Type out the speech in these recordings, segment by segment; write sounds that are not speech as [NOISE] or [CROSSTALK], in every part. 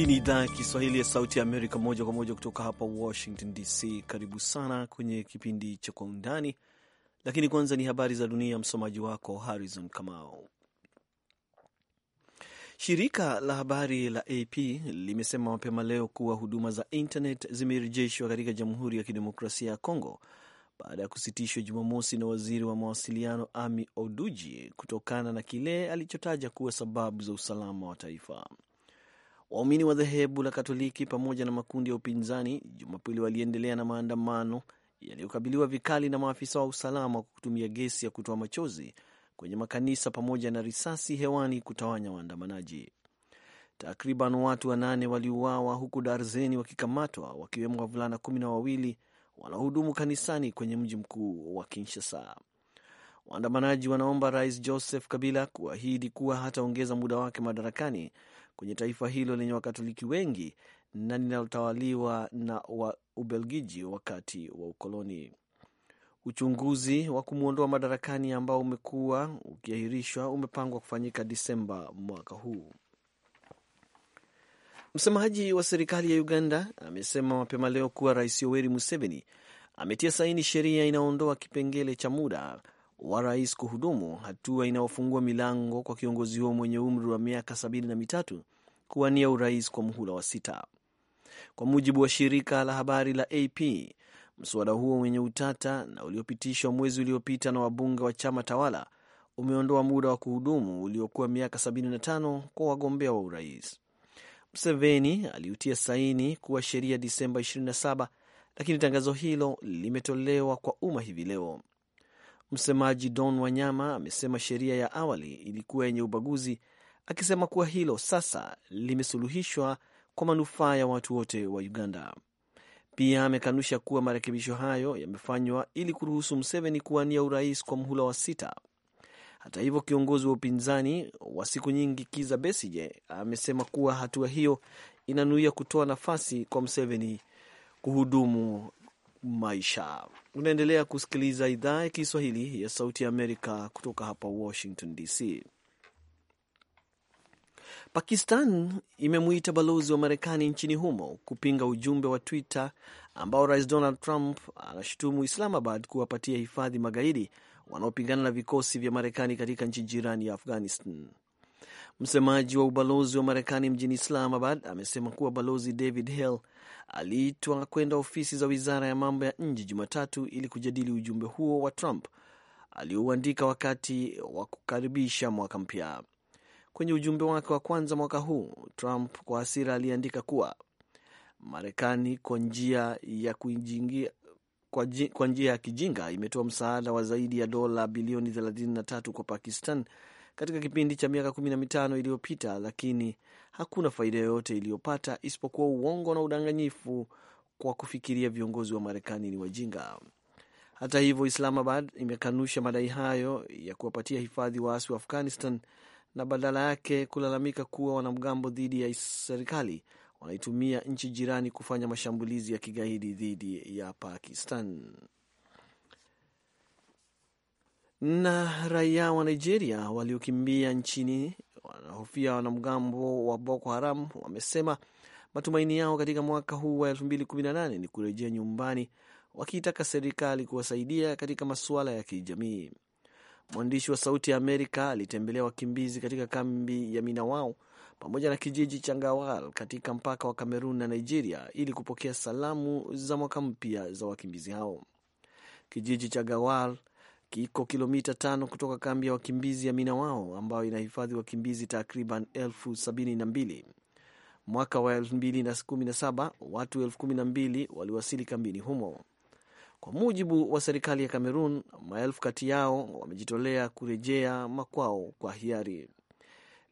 Hii ni idhaa ya Kiswahili ya Sauti ya Amerika, moja kwa moja kutoka hapa Washington DC. Karibu sana kwenye kipindi cha Kwa Undani, lakini kwanza ni habari za dunia. Msomaji wako Harrison kama Shirika la habari la AP limesema mapema leo kuwa huduma za internet zimerejeshwa katika Jamhuri ya Kidemokrasia ya Kongo baada ya kusitishwa Jumamosi na waziri wa mawasiliano Ami Oduji kutokana na kile alichotaja kuwa sababu za usalama wa taifa. Waumini wa dhehebu la Katoliki pamoja na makundi ya upinzani Jumapili waliendelea na maandamano yaliyokabiliwa vikali na maafisa wa usalama kwa kutumia gesi ya kutoa machozi kwenye makanisa pamoja na risasi hewani kutawanya waandamanaji. Takriban watu wanane waliuawa huku darzeni wakikamatwa wakiwemo wavulana kumi na wawili wanaohudumu kanisani kwenye mji mkuu wa Kinshasa. Waandamanaji wanaomba Rais Joseph Kabila kuahidi kuwa hataongeza muda wake madarakani kwenye taifa hilo lenye Wakatoliki wengi na linalotawaliwa na wa Ubelgiji wakati wa ukoloni. Uchunguzi wa kumwondoa madarakani ambao umekuwa ukiahirishwa umepangwa kufanyika Disemba mwaka huu. Msemaji wa serikali ya Uganda amesema mapema leo kuwa Rais Yoweri Museveni ametia saini sheria inayoondoa kipengele cha muda wa rais kuhudumu, hatua inayofungua milango kwa kiongozi huo mwenye umri wa miaka sabini na mitatu kuwania urais kwa muhula wa sita, kwa mujibu wa shirika la habari la AP. Mswada huo wenye utata na uliopitishwa mwezi uliopita na wabunge wa chama tawala umeondoa muda wa kuhudumu uliokuwa miaka 75 kwa wagombea wa urais. mseveni aliutia saini kuwa sheria Disemba 27, lakini tangazo hilo limetolewa kwa umma hivi leo. Msemaji Don Wanyama amesema sheria ya awali ilikuwa yenye ubaguzi, akisema kuwa hilo sasa limesuluhishwa kwa manufaa ya watu wote wa Uganda. Pia amekanusha kuwa marekebisho hayo yamefanywa ili kuruhusu Museveni kuwania urais kwa mhula wa sita. Hata hivyo, kiongozi wa upinzani wa siku nyingi Kiza Besije amesema kuwa hatua hiyo inanuia kutoa nafasi kwa Museveni kuhudumu maisha. Unaendelea kusikiliza idhaa ya Kiswahili ya Sauti ya Amerika kutoka hapa Washington DC. Pakistan imemuita balozi wa Marekani nchini humo kupinga ujumbe wa Twitter ambao Rais Donald Trump anashutumu Islamabad kuwapatia hifadhi magaidi wanaopigana na vikosi vya Marekani katika nchi jirani ya Afghanistan. Msemaji wa ubalozi wa Marekani mjini Islamabad amesema kuwa Balozi David Hale aliitwa kwenda ofisi za wizara ya mambo ya nje Jumatatu ili kujadili ujumbe huo wa Trump aliouandika wakati wa kukaribisha mwaka mpya. Kwenye ujumbe wake wa kwanza mwaka huu, Trump kwa hasira aliandika kuwa Marekani kwa njia ya kuingia kwa njia ya kijinga imetoa msaada wa zaidi ya dola bilioni 33 kwa Pakistan katika kipindi cha miaka kumi na mitano iliyopita, lakini hakuna faida yoyote iliyopata isipokuwa uongo na udanganyifu kwa kufikiria viongozi wa Marekani ni wajinga. Hata hivyo, Islamabad imekanusha madai hayo ya kuwapatia hifadhi waasi wa Afghanistan na badala yake kulalamika kuwa wanamgambo dhidi ya serikali wanaitumia nchi jirani kufanya mashambulizi ya kigaidi dhidi ya Pakistan. Na raia wa Nigeria waliokimbia nchini wanahofia wanamgambo wa Boko Haram wamesema matumaini yao katika mwaka huu wa 2018 ni kurejea nyumbani, wakiitaka serikali kuwasaidia katika masuala ya kijamii. Mwandishi wa Sauti ya Amerika alitembelea wakimbizi katika kambi ya Minawao pamoja na kijiji cha Ngawal katika mpaka wa Kamerun na Nigeria ili kupokea salamu za mwaka mpya za wakimbizi hao. Kijiji cha Gawal kiko kilomita tano kutoka kambi ya wakimbizi ya wao ambayo inahifadhi wakimbizi takriban elfu sabini na mbili. Mwaka wa 2017 watu elfu kumi na mbili waliwasili kambini humo. Kwa mujibu wa serikali ya Kamerun, maelfu kati yao wamejitolea kurejea makwao kwa hiari.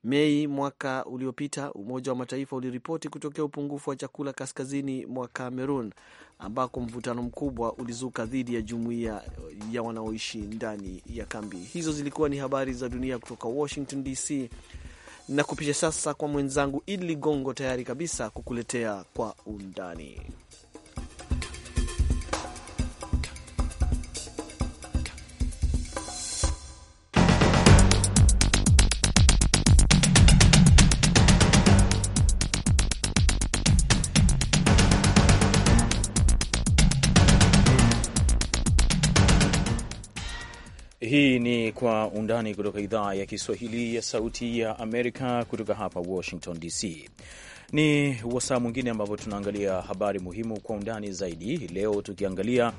Mei mwaka uliopita, Umoja wa Mataifa uliripoti kutokea upungufu wa chakula kaskazini mwa Kamerun, ambako mvutano mkubwa ulizuka dhidi ya jumuiya ya wanaoishi ndani ya kambi hizo. Zilikuwa ni habari za dunia kutoka Washington DC, na kupisha sasa kwa mwenzangu Idli Ligongo, tayari kabisa kukuletea kwa undani Hii ni Kwa Undani kutoka idhaa ya Kiswahili ya Sauti ya Amerika, kutoka hapa Washington DC. Ni wasaa mwingine ambapo tunaangalia habari muhimu kwa undani zaidi, leo tukiangalia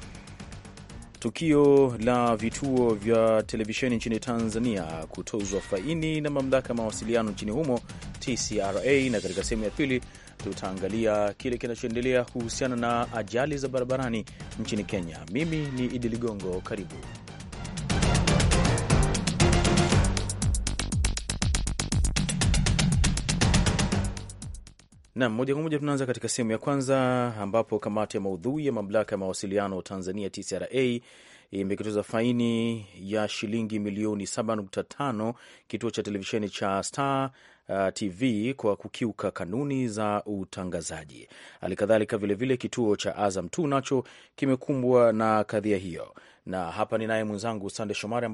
tukio la vituo vya televisheni nchini Tanzania kutozwa faini na mamlaka ya mawasiliano nchini humo TCRA, na katika sehemu ya pili tutaangalia kile kinachoendelea kuhusiana na ajali za barabarani nchini Kenya. Mimi ni Idi Ligongo, karibu Nam moja kwa moja tunaanza katika sehemu ya kwanza, ambapo kamati ya maudhui ya mamlaka ya mawasiliano Tanzania TCRA imekitoza faini ya shilingi milioni 7.5 kituo cha televisheni cha Star uh, TV kwa kukiuka kanuni za utangazaji. Halikadhalika vilevile kituo cha Azam tu nacho kimekumbwa na kadhia hiyo, na hapa ni naye mwenzangu Sande Shomari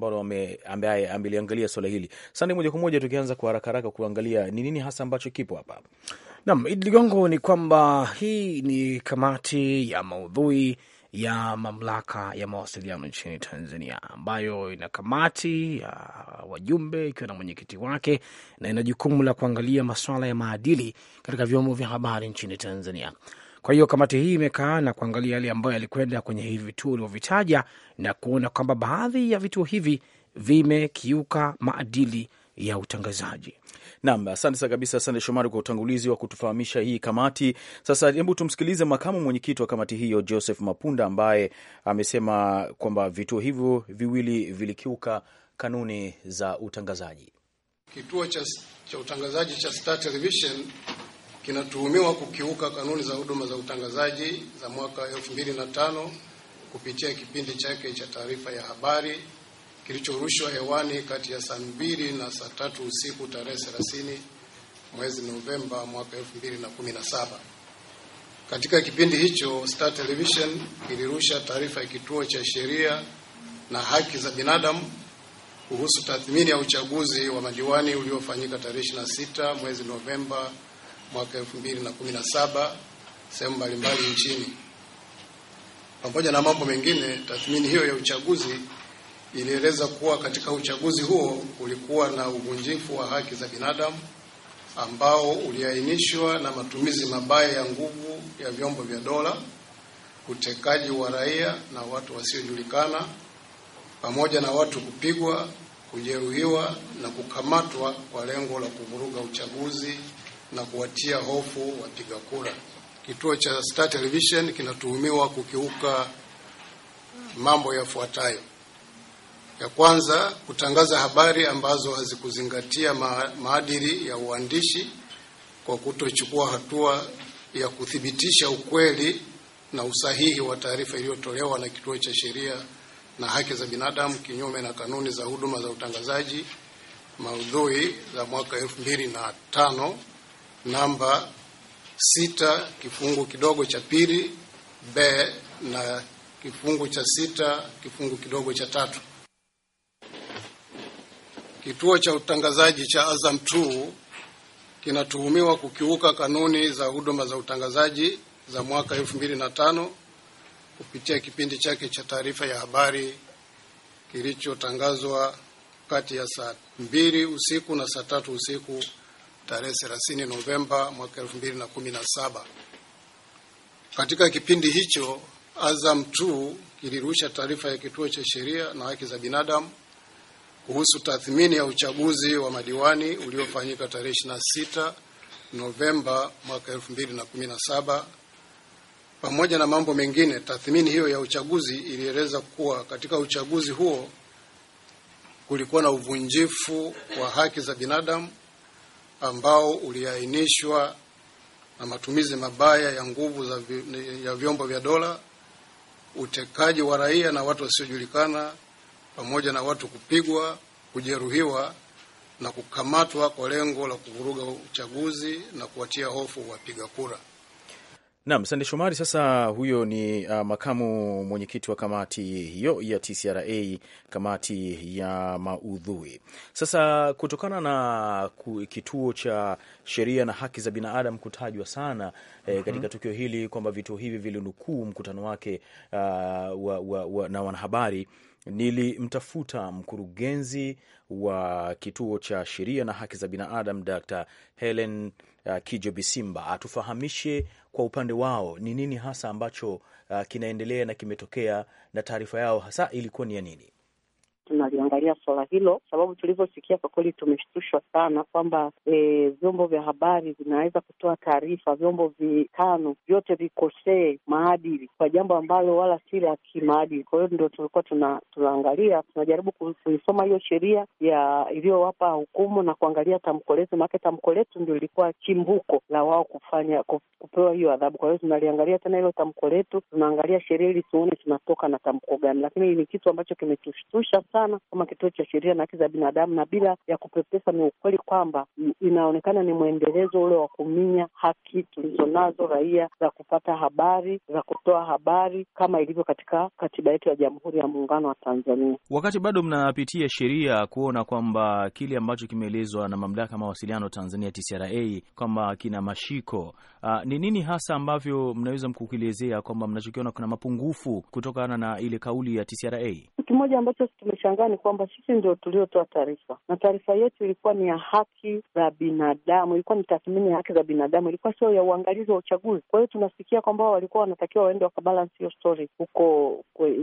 ambaye ameliangalia swala hili. Sande, moja kwa moja tukianza kwa haraka haraka kuangalia ni nini hasa ambacho kipo hapa. Naam, Idi Ligongo, ni kwamba hii ni kamati ya maudhui ya mamlaka ya mawasiliano nchini Tanzania ambayo ina kamati ya wajumbe ikiwa na mwenyekiti wake na ina jukumu la kuangalia masuala ya maadili katika vyombo vya habari nchini Tanzania. Kwa hiyo kamati hii imekaa na kuangalia yale ambayo yalikwenda kwenye hivi vituo ulivyovitaja na kuona kwamba baadhi ya vituo hivi vimekiuka maadili ya utangazaji. Nam, asante sana kabisa, Sande Shomari, kwa utangulizi wa kutufahamisha hii kamati. Sasa hebu tumsikilize makamu mwenyekiti wa kamati hiyo Joseph Mapunda ambaye amesema kwamba vituo hivyo viwili vilikiuka kanuni za utangazaji. Kituo cha, cha utangazaji cha Star Television kinatuhumiwa kukiuka kanuni za huduma za utangazaji za mwaka 2005 kupitia kipindi chake cha taarifa ya habari kilichorushwa hewani kati ya saa mbili na saa tatu usiku tarehe 30 mwezi Novemba mwaka saba. Katika kipindi hicho Star Television ilirusha taarifa ya kituo cha sheria na haki za binadamu kuhusu tathmini ya uchaguzi wa madiwani uliofanyika tarehe 26 mwezi Novemba mwaka 2017 sehemu mbalimbali nchini. Pamoja na mambo mengine, tathmini hiyo ya uchaguzi ilieleza kuwa katika uchaguzi huo ulikuwa na uvunjifu wa haki za binadamu ambao uliainishwa na matumizi mabaya ya nguvu ya vyombo vya dola, utekaji wa raia na watu wasiojulikana, pamoja na watu kupigwa, kujeruhiwa na kukamatwa kwa lengo la kuvuruga uchaguzi na kuwatia hofu wapiga kura. Kituo cha Star Television kinatuhumiwa kukiuka mambo yafuatayo: ya kwanza, kutangaza habari ambazo hazikuzingatia maadili ya uandishi kwa kutochukua hatua ya kuthibitisha ukweli na usahihi wa taarifa iliyotolewa na Kituo cha Sheria na Haki za Binadamu kinyume na kanuni za huduma za utangazaji maudhui za mwaka tano namba sita kifungu kidogo cha pili b na kifungu cha sita kifungu kidogo cha tatu. Kituo cha utangazaji cha Azam 2 kinatuhumiwa kukiuka kanuni za huduma za utangazaji za mwaka 2005 kupitia kipindi chake cha taarifa ya habari kilichotangazwa kati ya saa mbili usiku na saa tatu usiku tarehe 30 Novemba mwaka 2017. Katika kipindi hicho Azam 2 kilirusha taarifa ya kituo cha sheria na haki za binadamu kuhusu tathmini ya uchaguzi wa madiwani uliofanyika tarehe 26 Novemba mwaka 2017. Pamoja na mambo mengine, tathmini hiyo ya uchaguzi ilieleza kuwa katika uchaguzi huo kulikuwa na uvunjifu wa haki za binadamu ambao uliainishwa na matumizi mabaya ya nguvu za vi, ya vyombo vya dola, utekaji wa raia na watu wasiojulikana pamoja na watu kupigwa, kujeruhiwa na kukamatwa kwa lengo la kuvuruga uchaguzi na kuwatia hofu wapiga kura. Naam, Sande Shomari. Sasa huyo ni uh, makamu mwenyekiti wa kamati hiyo ya TCRA, kamati ya maudhui. Sasa kutokana na kituo cha sheria na haki za binadamu kutajwa sana mm -hmm. e, katika tukio hili kwamba vituo hivi vilinukuu mkutano wake uh, wa, wa, wa, na wanahabari nilimtafuta mkurugenzi wa kituo cha sheria na haki za binadamu Dr. Helen uh, Kijobisimba atufahamishe kwa upande wao ni nini hasa ambacho uh, kinaendelea na kimetokea, na taarifa yao hasa ilikuwa ni ya nini? tunaliangalia suala hilo, sababu tulivyosikia kwa kweli tumeshtushwa sana kwamba e, vyombo vya habari vinaweza kutoa taarifa, vyombo vitano vyote vikosee maadili kwa jambo ambalo wala si la kimaadili. Kwa hiyo ndio tulikuwa tuna, tunaangalia tunajaribu kuisoma hiyo sheria ya iliyowapa hukumu na kuangalia tamko letu, maanake tamko letu ndio lilikuwa chimbuko la wao kufanya kupewa hiyo adhabu. Kwa hiyo tunaliangalia tena hilo tamko letu, tunaangalia sheria ili tuone tunatoka na tamko gani, lakini ni kitu ambacho kimetushtusha sana kama kituo cha sheria na haki za binadamu, na bila ya kupepesa, ni ukweli kwamba inaonekana ni mwendelezo ule wa kuminya haki tulizonazo raia za kupata habari, za kutoa habari kama ilivyo katika katiba yetu ya Jamhuri ya Muungano wa Tanzania. Wakati bado mnapitia sheria kuona kwamba kile ambacho kimeelezwa na Mamlaka ya Mawasiliano Tanzania TCRA kwamba kina mashiko, ni nini hasa ambavyo mnaweza mkukielezea kwamba mnachokiona kuna mapungufu kutokana na ile kauli ya TCRA? kimoja ambacho tumeshangaa ni kwamba sisi ndio tuliotoa taarifa, na taarifa yetu ilikuwa ni ya haki za binadamu, ilikuwa ni tathmini ya haki za binadamu, ilikuwa sio ya uangalizi wa uchaguzi. Kwa hiyo tunasikia kwamba walikuwa wanatakiwa waende wakabalansi hiyo story huko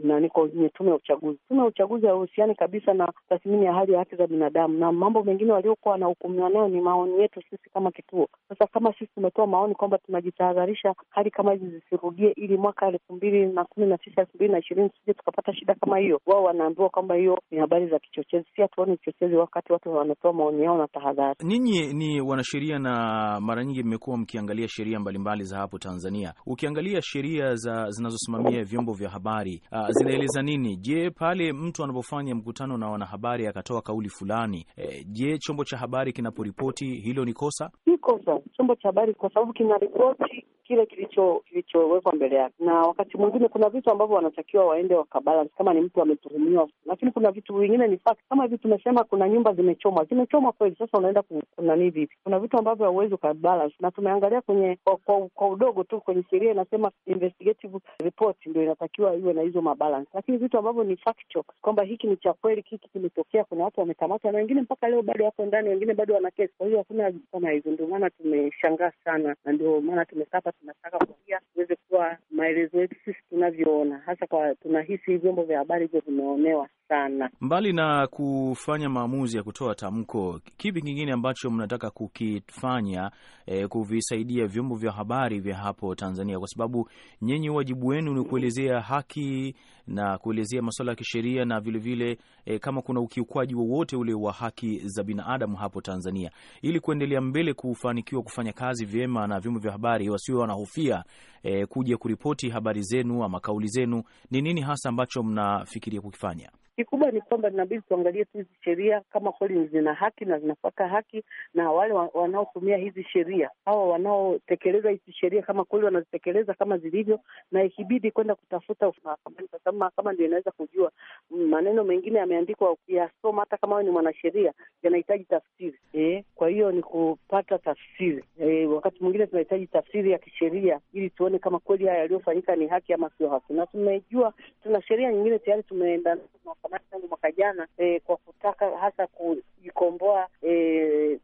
nani kwenye tume ya uchaguzi. Tume ya uchaguzi hauhusiani kabisa na tathmini ya hali ya haki za binadamu, na mambo mengine waliokuwa wanahukumiwa nayo ni maoni yetu sisi kama kituo. Sasa kama sisi tumetoa maoni kwamba tunajitahadharisha hali kama hizi zisirudie, ili mwaka elfu mbili na kumi na tisa elfu mbili na ishirini tusije tukapata shida kama hiyo wao wanaambiwa kwamba hiyo ni habari za kichochezi. Si hatuoni kichochezi wakati watu wanatoa maoni yao na tahadhari. Ninyi ni wanasheria na mara nyingi mmekuwa mkiangalia sheria mbalimbali za hapo Tanzania. Ukiangalia sheria za zinazosimamia vyombo vya habari uh, zinaeleza nini? Je, pale mtu anapofanya mkutano na wanahabari akatoa kauli fulani, e, je, chombo cha habari kinaporipoti hilo ni kosa? Ni kosa chombo cha habari kwa sababu kinaripoti kile kilicho kilichowekwa mbele yake, na wakati mwingine kuna vitu ambavyo wanatakiwa waende wakabalance, kama ni mtu ametuhumiwa, lakini kuna vitu vingine ni fact. Kama hivi tumesema kuna nyumba zimechomwa, zimechomwa kweli, sasa unaenda kunani vipi? Kuna vitu ambavyo hauwezi ukabalance, na tumeangalia kwenye kwa, kwa, kwa udogo tu kwenye sheria inasema investigative report ndio inatakiwa iwe na hizo mabalance, lakini vitu ambavyo ni factual kwamba hiki ni cha kweli, hiki kimetokea, kuna watu wamekamatwa na wengine mpaka leo bado wako ndani, wengine bado wana kesi. Kwa hiyo hakuna kama hizo, ndio maana tumeshangaa sana na ndio maana tumekaa tunataka kufikia tuweze kuwa maelezo yetu sisi tunavyoona, hasa kwa tunahisi vyombo vya habari hivyo vimeonewa sana. Mbali na kufanya maamuzi ya kutoa tamko, kipi kingine ambacho mnataka kukifanya e, kuvisaidia vyombo vya habari vya hapo Tanzania? Kwa sababu nyinyi wajibu wenu ni kuelezea haki na kuelezea masuala ya kisheria na vilevile vile, e, kama kuna ukiukwaji wowote ule wa haki za binadamu hapo Tanzania, ili kuendelea mbele kufanikiwa kufanya kazi vyema na vyombo vya habari wasio wanahofia e, kuja kuripoti habari zenu ama kauli zenu. Ni nini hasa ambacho mnafikiria kukifanya? Kikubwa ni kwamba inabidi tuangalie tu hizi sheria kama kweli zina haki na zinafata haki, na wale wanaotumia hizi sheria hawa wanaotekeleza hizi sheria kama kweli wanazitekeleza kama zilivyo, na ikibidi kwenda kutafuta mahakamani, kwa sababu mahakama ndio inaweza kujua. Mm, maneno mengine yameandikwa, ukiyasoma hata kama wewe ni mwanasheria, yanahitaji tafsiri e. Kwa hiyo ni kupata tafsiri e, wakati mwingine tunahitaji tafsiri ya kisheria ili tuone kama kweli haya yaliyofanyika ni haki ama sio haki, na tumejua tuna sheria nyingine tayari tumeenda kamati tangu mwaka jana e, kwa kutaka hasa kuikomboa e,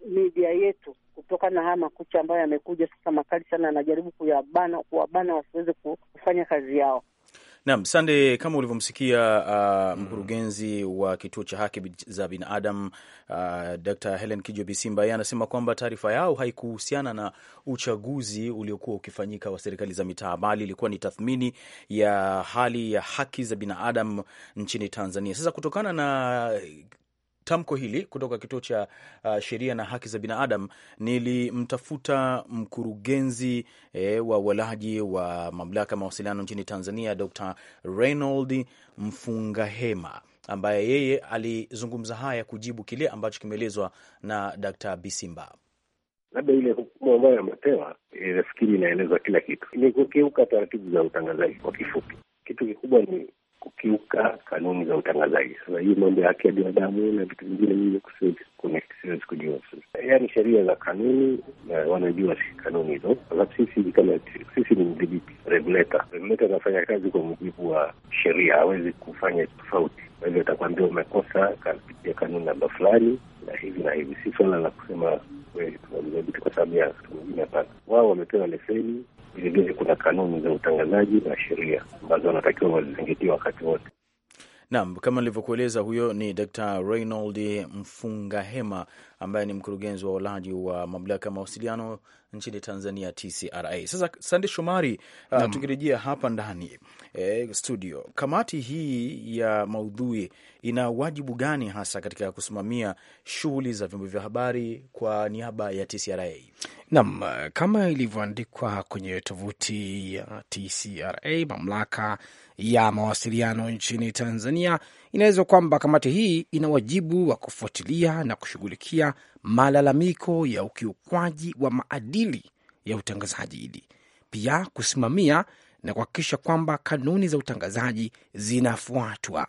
midia yetu kutokana na haya makucha ambayo yamekuja sasa makali sana, yanajaribu kuyabana kuwabana wasiweze kufanya kazi yao. Naam, Sande, kama ulivyomsikia uh, mkurugenzi wa kituo cha haki za binadamu uh, Dr. Helen Kijo Bisimba, yeye anasema kwamba taarifa yao haikuhusiana na uchaguzi uliokuwa ukifanyika wa serikali za mitaa, bali ilikuwa ni tathmini ya hali ya haki za binadamu nchini Tanzania. Sasa kutokana na tamko hili kutoka kituo cha uh, sheria na haki za binadamu, nilimtafuta mkurugenzi eh, wa walaji wa mamlaka ya mawasiliano nchini Tanzania, Dr. Reynold Mfungahema ambaye yeye alizungumza haya kujibu kile ambacho kimeelezwa na Dr. Bisimba. Labda ile hukumu ambayo amepewa, e, nafikiri inaeleza kila kitu. Ni kukiuka taratibu za utangazaji. Kwa kifupi, kitu kikubwa ni kukiuka kanuni za utangazaji. Sasa hii mambo ya haki ya binadamu na vitu vingine hivyo siwezi kujua yaani sheria za kanuni na eh, wanajua kanuni hizo. Sasa sisi kama sisi ni mdhibiti regulator, regulator anafanya kazi kwa mujibu wa sheria, hawezi kufanya tofauti. Kwa hivyo atakwambia umekosa kapitia kanuni namba fulani na hivi na hivi, si swala la kusema kweli tunamdhibiti kwa sababu ya mtu mwingine. Hapana, wao wamepewa leseni Vilevile kuna kanuni za utangazaji na sheria ambazo wanatakiwa wazizingatie wakati wote. Naam, kama nilivyokueleza, huyo ni Dr. Reynold Mfungahema ambaye ni mkurugenzi wa ulaji wa mamlaka ya mawasiliano nchini Tanzania, TCRA. Sasa Sande Shomari, uh, tukirejea hapa ndani eh, studio, kamati hii ya maudhui ina wajibu gani hasa katika kusimamia shughuli za vyombo vya habari kwa niaba ya TCRA? Naam, uh, kama ilivyoandikwa kwenye tovuti ya TCRA, mamlaka ya mawasiliano nchini Tanzania Inaelezwa kwamba kamati hii ina wajibu wa kufuatilia na kushughulikia malalamiko ya ukiukwaji wa maadili ya utangazaji idi, pia kusimamia na kuhakikisha kwamba kanuni za utangazaji zinafuatwa,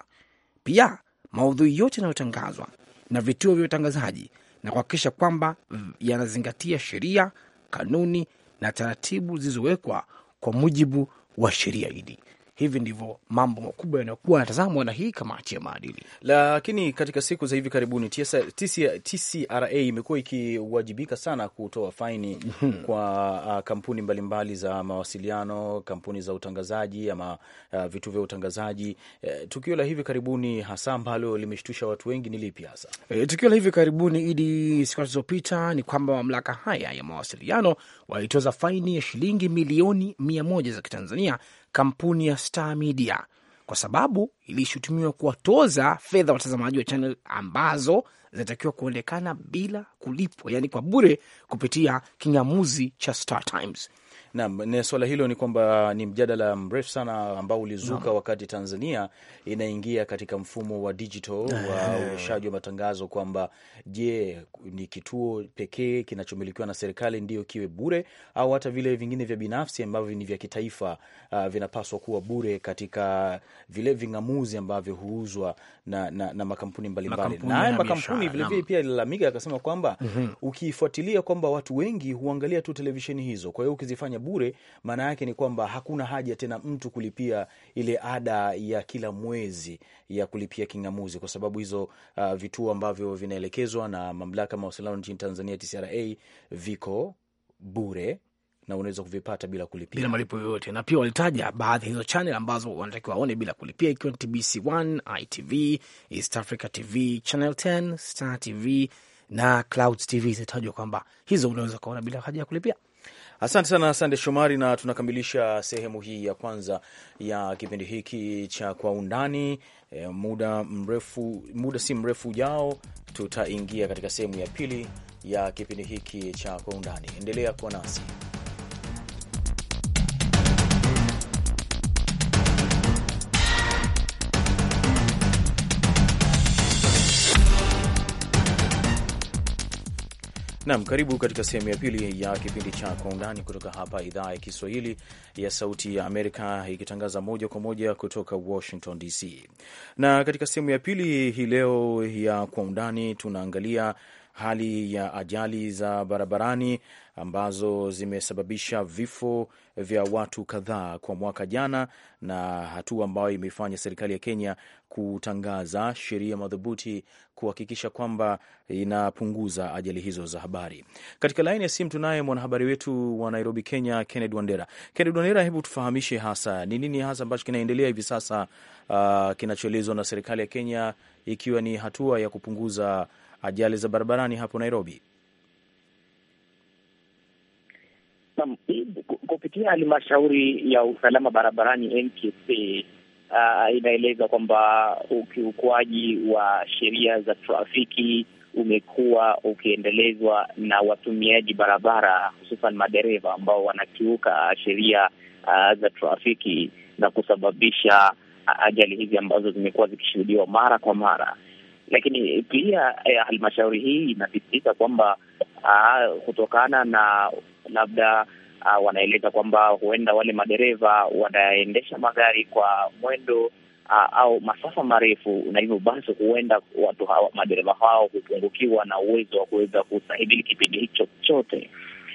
pia maudhui yote yanayotangazwa na vituo vya utangazaji na kuhakikisha kwamba yanazingatia sheria, kanuni na taratibu zilizowekwa kwa mujibu wa sheria hili. Hivi ndivyo mambo makubwa yanayokuwa yanatazamwa na hii kamati ya maadili. Lakini katika siku za hivi karibuni TCRA imekuwa ikiwajibika sana kutoa faini mhm. kwa uh, kampuni mbalimbali mbali za mawasiliano, kampuni za utangazaji ama uh, vitu vya utangazaji. Uh, tukio la hivi karibuni hasa ambalo limeshtusha watu wengi ni lipi hasa? E, tukio la hivi karibuni idi siku zilizopita ni kwamba mamlaka haya ya mawasiliano walitoza faini ya shilingi milioni mia moja za Kitanzania kampuni ya Star Media kwa sababu ilishutumiwa kuwatoza fedha watazamaji wa channel ambazo zinatakiwa kuonekana bila kulipwa, yani kwa bure, kupitia king'amuzi cha Star Times. Naam, na swala hilo ni kwamba ni mjadala mrefu sana ambao ulizuka no. wakati Tanzania inaingia katika mfumo wa digital wa eh. uonyeshaji wa matangazo kwamba je, ni kituo pekee kinachomilikiwa na serikali ndio kiwe bure au hata vile vingine vya binafsi ambavyo ni vya kitaifa uh, vinapaswa kuwa bure katika vile ving'amuzi ambavyo huuzwa na, na, na makampuni mbalimbali na haya makampuni vilevile pia alilalamika akasema kwamba mm -hmm. ukifuatilia kwamba watu wengi huangalia tu televisheni hizo, kwa hiyo ukizifanya ya bure, maana yake ni kwamba hakuna haja tena mtu kulipia ile ada ya kila mwezi ya kulipia king'amuzi, kwa sababu hizo uh, vituo ambavyo vinaelekezwa na mamlaka ya mawasiliano nchini Tanzania TCRA viko bure na unaweza kuvipata bila kulipia, bila malipo yoyote. Na pia walitaja baadhi ya hizo channel ambazo wanatakiwa waone bila kulipia, ikiwa ni TBC1, ITV, East Africa TV, Channel 10, Star TV na Clouds TV. Zitajwa kwamba hizo unaweza kuona bila haja ya kulipia. Asante sana Sande Shomari, na tunakamilisha sehemu hii ya kwanza ya kipindi hiki cha Kwa Undani. E, muda mrefu, muda si mrefu ujao tutaingia katika sehemu ya pili ya kipindi hiki cha Kwa Undani. Endelea kuwa nasi. Nam, karibu katika sehemu ya pili ya kipindi cha Kwa Undani kutoka hapa idhaa ya Kiswahili ya Sauti ya Amerika, ikitangaza moja kwa moja kutoka Washington DC. Na katika sehemu ya pili hii leo ya Kwa Undani tunaangalia hali ya ajali za barabarani ambazo zimesababisha vifo vya watu kadhaa kwa mwaka jana na hatua ambayo imefanya serikali ya Kenya kutangaza sheria madhubuti kuhakikisha kwamba inapunguza ajali hizo za habari. Katika laini ya simu tunaye mwanahabari wetu wa Nairobi, Kenya, Kenneth Wandera. Kenneth Wandera, hebu tufahamishe hasa ni nini hasa ambacho kinaendelea hivi sasa, uh, kinachoelezwa na serikali ya Kenya ikiwa ni hatua ya kupunguza ajali za barabarani hapo Nairobi? Kupitia halmashauri ya usalama barabarani NTSA uh, inaeleza kwamba ukiukwaji wa sheria za trafiki umekuwa ukiendelezwa na watumiaji barabara, hususan madereva ambao wanakiuka sheria uh, za trafiki na kusababisha ah, ajali hizi ambazo zimekuwa zikishuhudiwa mara kwa mara. Lakini pia eh, halmashauri hii inasisitiza kwamba uh, kutokana na labda uh, wanaeleza kwamba huenda wale madereva wanaendesha magari kwa mwendo uh, au masafa marefu, na hivyo basi huenda watu hawa madereva hao hupungukiwa na uwezo wa kuweza kustahimili kipindi hicho chote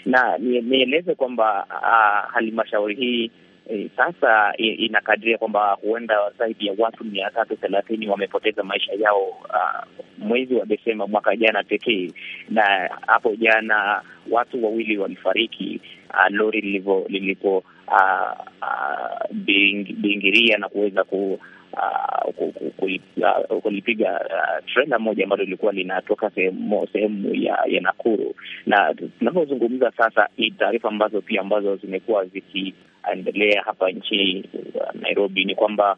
na nieleze kwamba uh, halmashauri hii E, sasa inakadiria kwamba huenda zaidi ya watu mia tatu thelathini wamepoteza maisha yao uh, mwezi wa Desemba mwaka jana pekee, na hapo jana watu wawili walifariki uh, lori lilipo uh, uh, bing, bingiria na kuweza ku Uh, uh, kulipiga uh, trela moja ambalo lilikuwa linatoka sehemu sehemu ya, ya Nakuru. Na tunavyozungumza sasa, ni taarifa ambazo pia ambazo zimekuwa zikiendelea hapa nchini Nairobi ni kwamba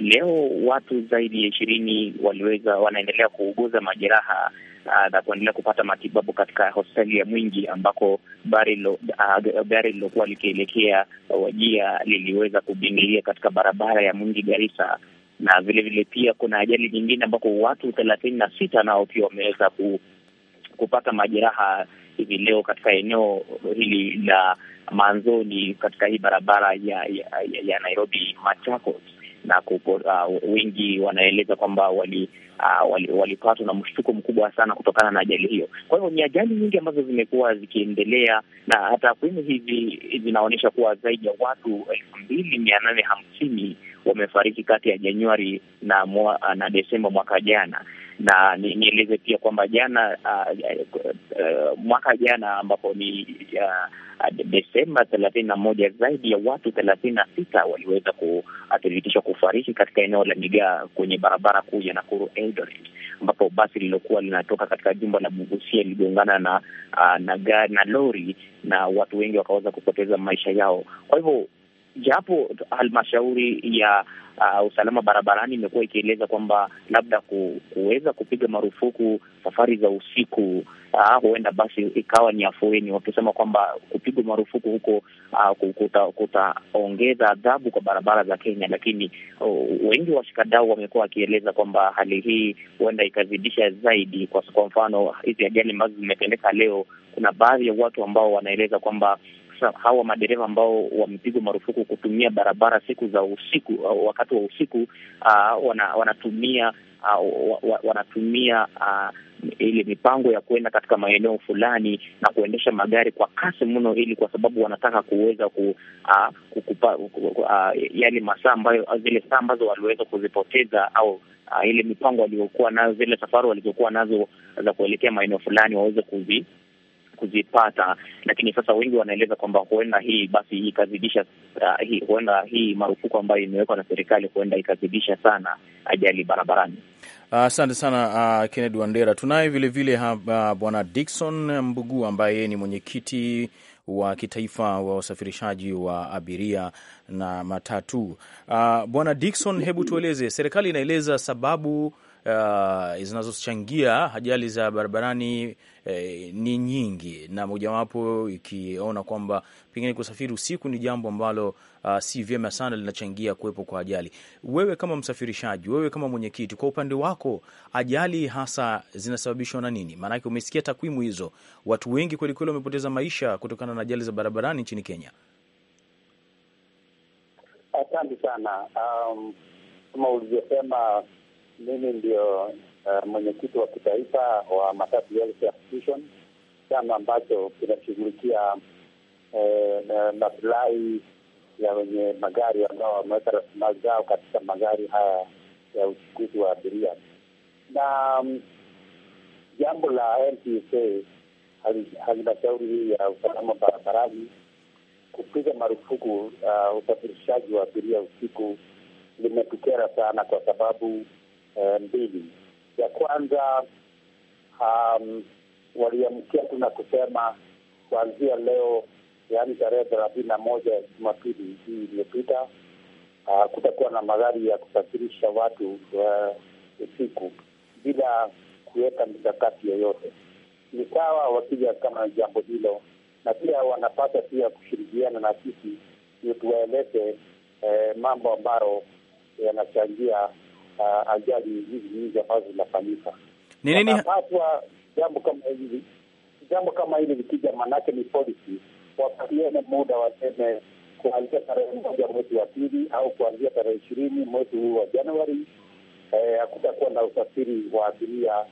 leo watu zaidi ya ishirini waliweza wanaendelea kuuguza majeraha uh, na kuendelea kupata matibabu katika hospitali ya Mwingi ambako gari uh, lilokuwa uh, likielekea Wajia liliweza kubingilia katika barabara ya Mwingi Garissa na vilevile vile pia kuna ajali nyingine ambako watu thelathini na sita nao pia wameweza ku, kupata majeraha hivi leo katika eneo hili la Manzoni katika hii barabara ya, ya, ya Nairobi Machakos na kupora, uh, wengi wanaeleza kwamba wali uh, walipatwa wali na mshtuko mkubwa sana kutokana na ajali hiyo. Kwa hiyo ni ajali nyingi ambazo zimekuwa zikiendelea, na takwimu hivi zinaonyesha kuwa zaidi ya watu elfu mbili mia nane hamsini wamefariki kati ya Januari na, na Desemba mwaka jana na nieleze pia kwamba jana uh, uh, mwaka jana ambapo ni uh, Desemba thelathini na moja, zaidi ya watu thelathini na sita waliweza kuthibitishwa kufariki katika eneo la Migaa kwenye barabara kuu ya Nakuru Eldoret, ambapo basi lililokuwa linatoka katika jumba la Bugusia liligongana na, uh, na, na lori na watu wengi wakaweza kupoteza maisha yao. Kwa hivyo japo halmashauri ya uh, usalama barabarani imekuwa ikieleza kwamba labda ku, kuweza kupiga marufuku safari za usiku uh, huenda basi ikawa ni afueni, wakisema kwamba kupigwa marufuku huko uh, kutaongeza kuta adhabu kwa barabara za Kenya. Lakini uh, wengi washikadau wamekuwa wakieleza kwamba hali hii huenda ikazidisha zaidi. Kwa, kwa mfano hizi ajali ambazo zimetendeka leo, kuna baadhi ya watu ambao wanaeleza kwamba hasa hawa madereva ambao wamepigwa marufuku kutumia barabara siku za usiku, uh, wakati wa usiku uh, wana, wanatumia uh, wanatumia uh, ile mipango ya kuenda katika maeneo fulani na kuendesha magari kwa kasi mno, ili kwa sababu wanataka kuweza ku, uh, kukupa, uh, yale masaa ambayo uh, zile saa ambazo waliweza kuzipoteza au uh, ile mipango waliokuwa nayo, zile safari walizokuwa nazo za kuelekea maeneo fulani waweze kuzi kuzipata, lakini sasa wengi wanaeleza kwamba huenda hii basi ikazidisha uh, hii, huenda hii marufuku ambayo imewekwa na serikali huenda ikazidisha sana ajali barabarani. Asante uh, sana uh, Kennedy Wandera. Tunaye vilevile uh, bwana Dickson Mbugu ambaye ni mwenyekiti wa kitaifa wa wasafirishaji wa abiria na matatu. Uh, bwana Dickson, hebu tueleze, serikali inaeleza sababu uh, zinazochangia ajali za barabarani Eh, ni nyingi, na mojawapo ikiona kwamba pengine kusafiri usiku ni jambo ambalo uh, si vyema sana, linachangia kuwepo kwa ajali. Wewe kama msafirishaji, wewe kama mwenyekiti, kwa upande wako ajali hasa zinasababishwa na nini? Maanake umesikia takwimu hizo, watu wengi kwelikweli wamepoteza maisha kutokana na ajali za barabarani nchini Kenya. Asante sana. Um, kama ulivyosema, mimi ndio uh, mwenyekiti wa kitaifa wa Matatu Health Association, chama ambacho kinashughulikia eh, eh, masilahi ya wenye magari ambao wameweka rasilimali zao katika magari haya ya uchukuzi wa abiria. Na mm, jambo la NTSA halmashauri hii ya usalama barabarani kupiga marufuku uh, usafirishaji wa abiria usiku limetukera sana kwa sababu mbili. Ya kwanza um, waliamkia tu na kusema kuanzia leo, yaani tarehe thelathini na moja ya Jumapili hii iliyopita, uh, kutakuwa na magari ya kusafirisha watu uh, usiku bila kuweka mikakati yoyote. Ni sawa wakija kama jambo hilo, na pia wanapata pia kushirikiana na sisi ndio tuwaeleze eh, mambo ambayo yanachangia uh, ajali hizi nyingi ambazo zinafanyika. Ni nini jambo kama hili, jambo kama hili likija, maanake ni polisi, wapatiene muda, waseme kuanzia tarehe moja mwezi wa pili au kuanzia tarehe ishirini mwezi huu wa Januari eh, hakutakuwa eh, na usafiri wa abiria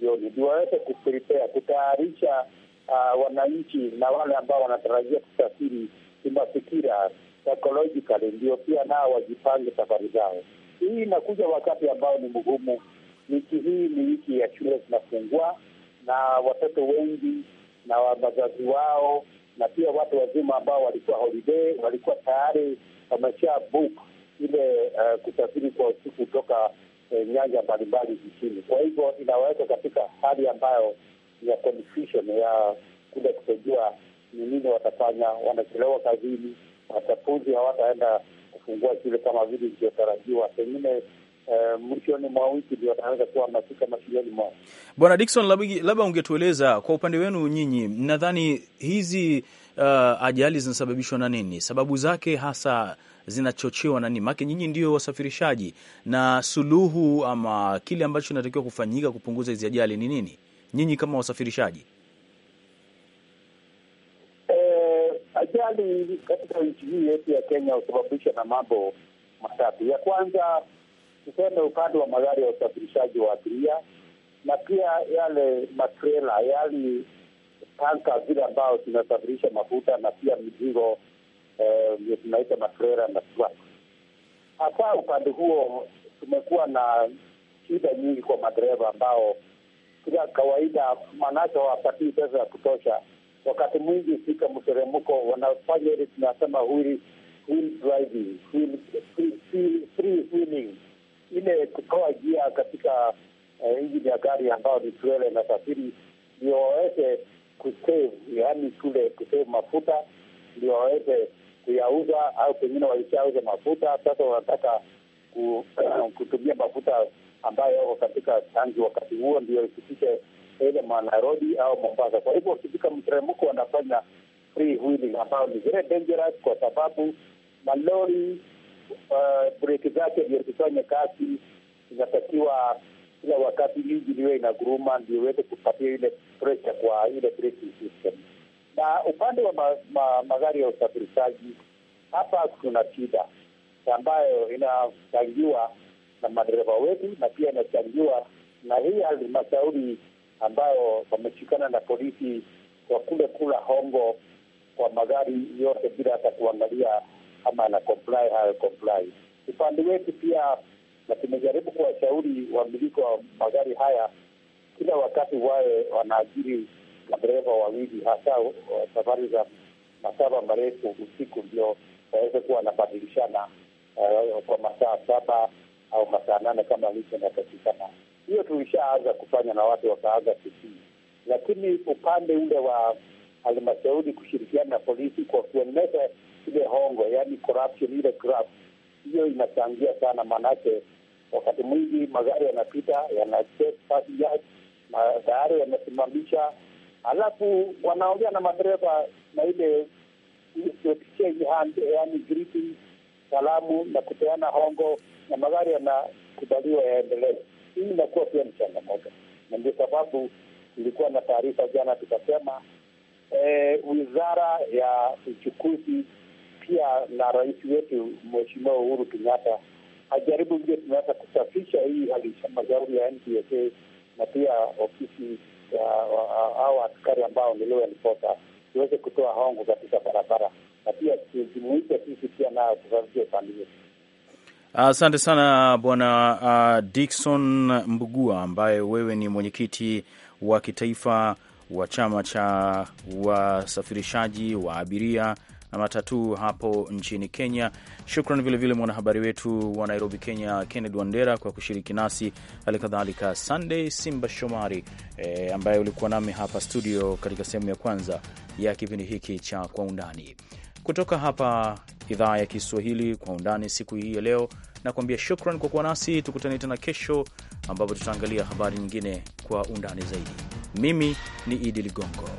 jioni, ndio waweze kuprepare kutayarisha uh, wananchi na wale ambao wanatarajia kusafiri kimafikira, psychologically, ndio pia nao wajipange safari zao. Hii inakuja wakati ambao ni mgumu. Wiki hii ni wiki ya shule zinafungua, na watoto wengi na wazazi wao na pia watu wazima ambao walikuwa holiday walikuwa tayari wamesha book ile uh, kusafiri kwa usiku kutoka uh, nyanja mbalimbali nchini. Kwa hivyo inawaweka katika hali ambayo ya confusion ya kule kutojua ni nini watafanya. Wanachelewa kazini, wanafunzi hawataenda kufungua shule kama vile ilivyotarajiwa, pengine eh, mwishoni mwa wiki ndio wataweza kuwa wanafika mashuleni mwao. Bwana Dikson, labda ungetueleza kwa upande wenu nyinyi, nadhani hizi uh, ajali zinasababishwa na nini? Sababu zake hasa zinachochewa na nini? nyinyi ndio wasafirishaji, na suluhu ama kile ambacho inatakiwa kufanyika kupunguza hizi ajali ni nini, nyinyi kama wasafirishaji? ajali katika nchi hii yetu ya Kenya husababishwa na mambo matatu. Ya kwanza tuseme upande wa magari ya usafirishaji wa abiria, na pia yale matrela, yani tanka zile ambao zinasafirisha mafuta na pia mizigo eh, tunaita matrela na truck. Hasa upande huo tumekuwa na shida nyingi kwa madereva ambao kila kawaida, manake hawapatii pesa ya kutosha wakati mwingi ufika mteremko, wanafanya ile tunasema wheel driving, free wheeling, ile kutoa jia katika eh, injini ya gari ambayo ni trela inasafiri, ndio waweze kusave, yaani kule kusave mafuta, ndio waweze kuyauza au pengine walishauza mafuta, sasa wanataka [COUGHS] kutumia mafuta ambayo yako katika tangi wakati huo, ndio isifike aidha manairobi au Mombasa. Kwa hivyo wakifika mteremko wanafanya free wheeling, ambayo ni very dangerous kwa sababu malori uh, breki zake ndio zifanye kazi, inatakiwa kila wakati injini iwe inaguruma ndio iweze kupatia ile presha kwa ile braking system. Na upande wa ma, ma, magari ya usafirishaji hapa kuna shida ambayo inachangiwa na madereva wetu na pia inachangiwa na hii halmashauri ambao wameshikana na polisi kwa kule kula hongo kwa magari yote bila hata kuangalia kama ana comply hayo comply. Upande wetu pia, na tumejaribu kuwashauri wamiliki wa magari haya kila wakati wawe wanaajiri madereva wawili, hasa safari za masafa marefu usiku, ndio waweze kuwa wanabadilishana uh, kwa masaa saba au masaa nane kama licho inatakikana hiyo tulishaanza kufanya na watu wakaanza kutii, lakini upande ule wa halmashauri kushirikiana na polisi kwa kueneza ile hongo, yani corruption, ile graft, hiyo inachangia sana, maanake wakati mwingi magari yanapita yana tayari yamesimamisha, alafu wanaongea na madereva na ile yani greeting, salamu na kupeana hongo, na magari yanakubaliwa yaendelee hii inakuwa pia ni changamoto, na ndio sababu tulikuwa na taarifa jana tukasema e, wizara ya uchukuzi pia na rais wetu Mheshimiwa Uhuru Kenyatta ajaribu vile tunaweza kusafisha hii halmashauri ya NTSA na pia ofisi au askari ambao ni law enforcers tuweze kutoa hongo katika barabara na pia tujumuike sisi pia nayo tusafishe upande wetu. Asante sana bwana uh, Dikson Mbugua, ambaye wewe ni mwenyekiti wa kitaifa wa chama cha wasafirishaji wa abiria na matatu hapo nchini Kenya. Shukran vilevile mwanahabari wetu wa Nairobi, Kenya, Kennedy Wandera kwa kushiriki nasi, hali kadhalika Sunday Simba Shomari e, ambaye ulikuwa nami hapa studio katika sehemu ya kwanza ya kipindi hiki cha Kwa Undani kutoka hapa idhaa ya Kiswahili kwa undani siku hii ya leo, na kuambia shukran kwa kuwa nasi. Tukutane tena kesho, ambapo tutaangalia habari nyingine kwa undani zaidi. Mimi ni Idi Ligongo.